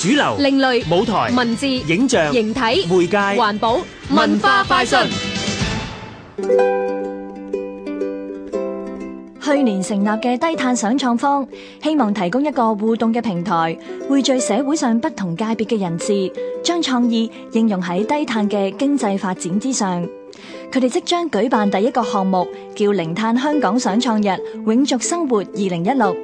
主流、另類舞台、文字、影像、形體、媒介、環保、文化、快訊。去年成立嘅低碳想創坊，希望提供一個互動嘅平台，匯聚社會上不同界別嘅人士，將創意應用喺低碳嘅經濟發展之上。佢哋即將舉辦第一個項目，叫零碳香港想創日，永續生活二零一六。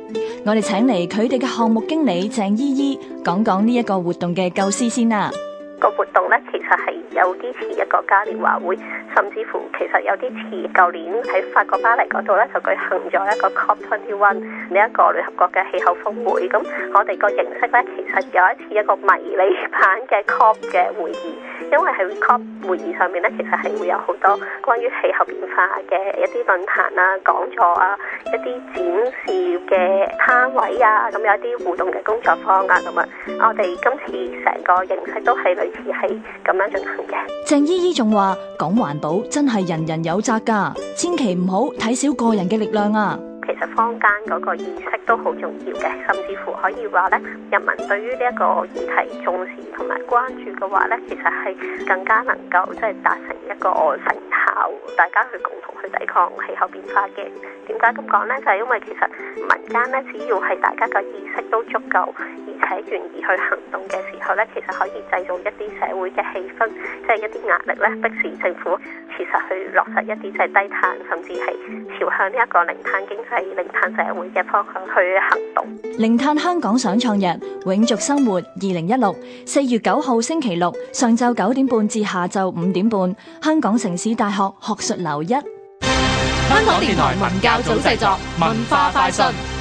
我哋請嚟佢哋嘅項目經理鄭依依講講呢一個活動嘅構思先啦。個活動咧，其實係有啲似一個嘉年華會，甚至乎其實有啲似舊年喺法國巴黎嗰度咧，就舉行咗一個 COP 21呢一個聯合國嘅氣候峰會。咁我哋個形式咧，其實有一次一個迷你版嘅 COP 嘅會議，因為喺 COP 會議上面咧，其實係會有好多關於氣候變化嘅一啲論壇啊、講座啊、一啲展示嘅攤位啊，咁有一啲互動嘅工作坊啊，咁啊，我哋今次成個形式都係。係咁樣進行嘅。鄭姨姨仲話：講環保真係人人有責噶，千祈唔好睇小個人嘅力量啊。其實坊間嗰個意識都好重要嘅，甚至乎可以話咧，人民對於呢一個議題重視同埋關注嘅話咧，其實係更加能夠即係達成一個成效。大家去共同去抵抗氣候變化嘅，點解咁講咧？就係因為其實民間咧，只要係大家個意識都足夠，而且願意去行動嘅時候咧，其實可以製造一啲社會嘅氣氛，即係一啲壓力咧，逼使政府其實去落實一啲即係低碳，甚至係朝向呢一個零碳經濟、零碳社會嘅方向去行動。零碳香港想創日，永續生活。二零一六四月九號星期六上晝九點半至下晝五點半，香港城市大學。學術留一，香港電台文,文教組製作文化快訊。